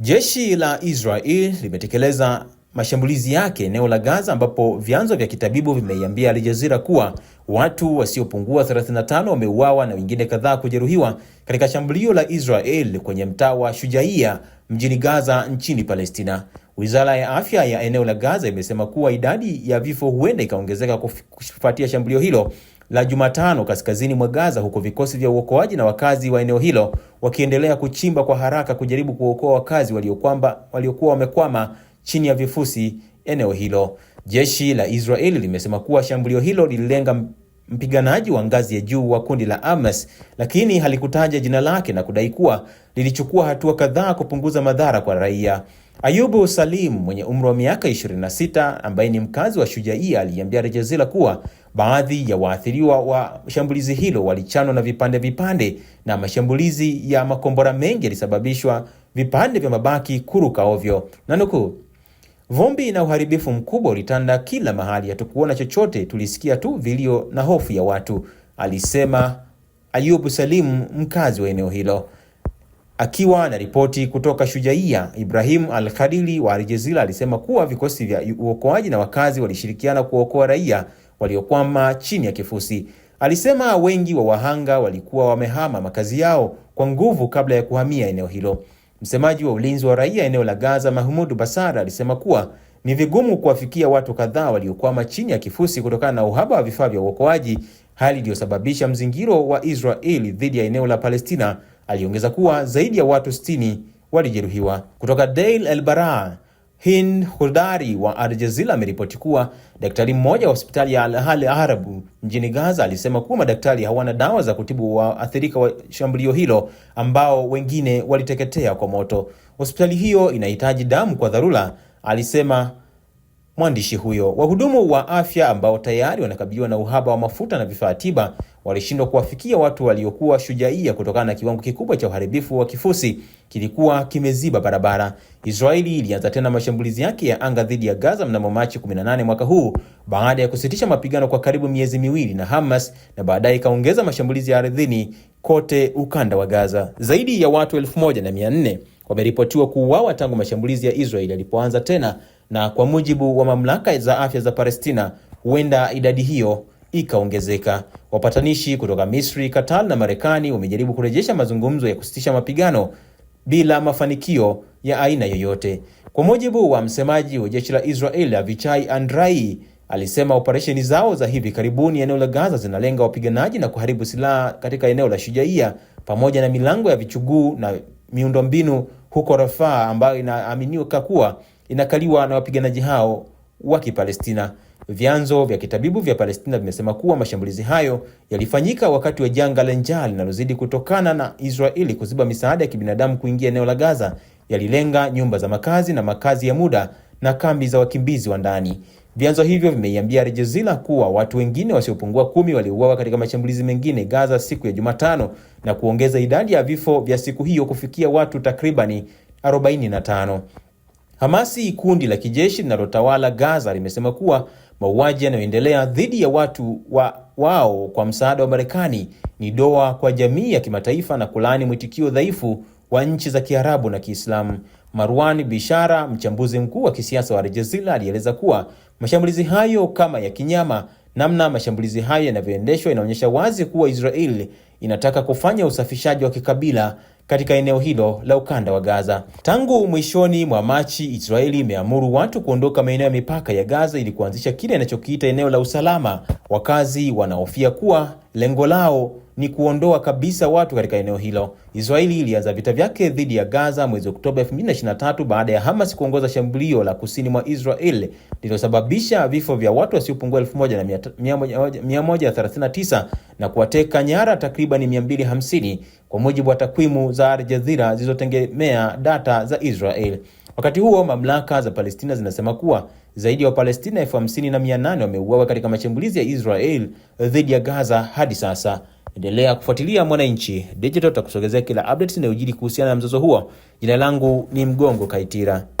Jeshi la Israel limetekeleza mashambulizi yake eneo la Gaza ambapo vyanzo vya kitabibu vimeiambia Al Jazeera kuwa watu wasiopungua 35 wameuawa na wengine kadhaa kujeruhiwa katika shambulio la Israel kwenye mtaa wa shujaia mjini Gaza nchini Palestina. Wizara ya Afya ya eneo la Gaza imesema kuwa idadi ya vifo huenda ikaongezeka kufuatia shambulio hilo la Jumatano kaskazini mwa Gaza, huku vikosi vya uokoaji na wakazi wa eneo hilo wakiendelea kuchimba kwa haraka kujaribu kuokoa wakazi waliokwamba waliokuwa wamekwama chini ya vifusi eneo hilo. Jeshi la Israeli limesema kuwa shambulio hilo lililenga mpiganaji wa ngazi ya juu wa kundi la Hamas, lakini halikutaja jina lake na kudai kuwa lilichukua hatua kadhaa kupunguza madhara kwa raia. Ayubu Salim mwenye umri wa miaka 26 ambaye ni mkazi wa Shujaia aliambia rejezela kuwa baadhi ya waathiriwa wa shambulizi hilo walichanwa na vipande vipande, na mashambulizi ya makombora mengi yalisababishwa vipande vya mabaki kuruka ovyo, na nukuu, vumbi na uharibifu mkubwa ulitanda kila mahali, hatukuona chochote, tulisikia tu vilio na hofu ya watu, alisema Ayubu Salim, mkazi wa eneo hilo. Akiwa na ripoti kutoka Shujaiya, Ibrahim Al-Khalili wa Aljazira alisema kuwa vikosi vya uokoaji na wakazi walishirikiana kuokoa raia waliokwama chini ya kifusi. Alisema wengi wa wahanga walikuwa wamehama makazi yao kwa nguvu kabla ya kuhamia eneo hilo. Msemaji wa ulinzi wa raia eneo la Gaza, Mahmoud Basara, alisema kuwa ni vigumu kuwafikia watu kadhaa waliokwama chini ya kifusi kutokana na uhaba wa vifaa vya uokoaji, hali iliyosababisha mzingiro wa Israeli dhidi ya eneo la Palestina Aliongeza kuwa zaidi ya watu 60 walijeruhiwa. Kutoka Deir el Balah, Hind Hodari wa Al Jazeera ameripoti kuwa daktari mmoja wa hospitali ya Al Arabu mjini Gaza alisema kuwa madaktari hawana dawa za kutibu waathirika wa shambulio hilo ambao wengine waliteketea kwa moto. Hospitali hiyo inahitaji damu kwa dharura, alisema mwandishi huyo. Wahudumu wa afya ambao tayari wanakabiliwa na uhaba wa mafuta na vifaa tiba walishindwa kuwafikia watu waliokuwa shujaia kutokana na kiwango kikubwa cha uharibifu wa kifusi kilikuwa kimeziba barabara. Israeli ilianza tena mashambulizi yake ya anga dhidi ya Gaza mnamo Machi 18 mwaka huu baada ya kusitisha mapigano kwa karibu miezi miwili na Hamas na baadaye ikaongeza mashambulizi ya ardhini kote ukanda wa Gaza. Zaidi ya watu 1400 wameripotiwa kuuawa tangu mashambulizi ya Israeli yalipoanza tena, na kwa mujibu wa mamlaka za afya za Palestina, huenda idadi hiyo ikaongezeka. Wapatanishi kutoka Misri, Qatar na Marekani wamejaribu kurejesha mazungumzo ya kusitisha mapigano bila mafanikio ya aina yoyote. Kwa mujibu wa msemaji wa jeshi la Israel, Avichai Andrai alisema operesheni zao za hivi karibuni eneo la Gaza zinalenga wapiganaji na kuharibu silaha katika eneo la Shujaia pamoja na milango ya vichuguu na miundombinu huko Rafah ambayo inaaminika kuwa inakaliwa na wapiganaji hao wa Kipalestina. Vyanzo vya kitabibu vya Palestina vimesema kuwa mashambulizi hayo yalifanyika wakati wa janga la njaa linalozidi kutokana na Israeli kuziba misaada ya kibinadamu kuingia eneo la Gaza, yalilenga nyumba za makazi na makazi ya muda na kambi za wakimbizi wa ndani. Vyanzo hivyo vimeiambia Al Jazeera kuwa watu wengine wasiopungua kumi waliuawa katika mashambulizi mengine Gaza siku ya Jumatano na kuongeza idadi ya vifo vya siku hiyo kufikia watu takribani 45. Hamasi, kundi la kijeshi linalotawala Gaza, limesema kuwa Mauaji yanayoendelea dhidi ya watu wa wao kwa msaada wa Marekani ni doa kwa jamii ya kimataifa na kulaani mwitikio dhaifu wa nchi za Kiarabu na Kiislamu. Marwan Bishara, mchambuzi mkuu wa kisiasa wa Al Jazeera, alieleza kuwa mashambulizi hayo kama ya kinyama, namna mashambulizi hayo yanavyoendeshwa inaonyesha wazi kuwa Israeli inataka kufanya usafishaji wa kikabila katika eneo hilo la ukanda wa Gaza. Tangu mwishoni mwa Machi, Israeli imeamuru watu kuondoka maeneo ya mipaka ya Gaza ili kuanzisha kile inachokiita eneo la usalama. Wakazi wanahofia kuwa lengo lao ni kuondoa kabisa watu katika eneo hilo. Israeli ilianza vita vyake dhidi ya Gaza mwezi Oktoba 2023 baada ya Hamas kuongoza shambulio la kusini mwa Israel lililosababisha vifo vya watu wasiopungua 1139 na kuwateka nyara takriban takriban 250 kwa mujibu wa takwimu za Al Jazeera zilizotegemea data za Israel. Wakati huo mamlaka za Palestina zinasema kuwa zaidi ya Wapalestina elfu hamsini na mia nane wameuawa katika mashambulizi ya Israel dhidi ya Gaza hadi sasa. Endelea kufuatilia Mwananchi Digital, takusogezea kila updates inayojiri kuhusiana na mzozo huo. Jina langu ni Mgongo Kaitira.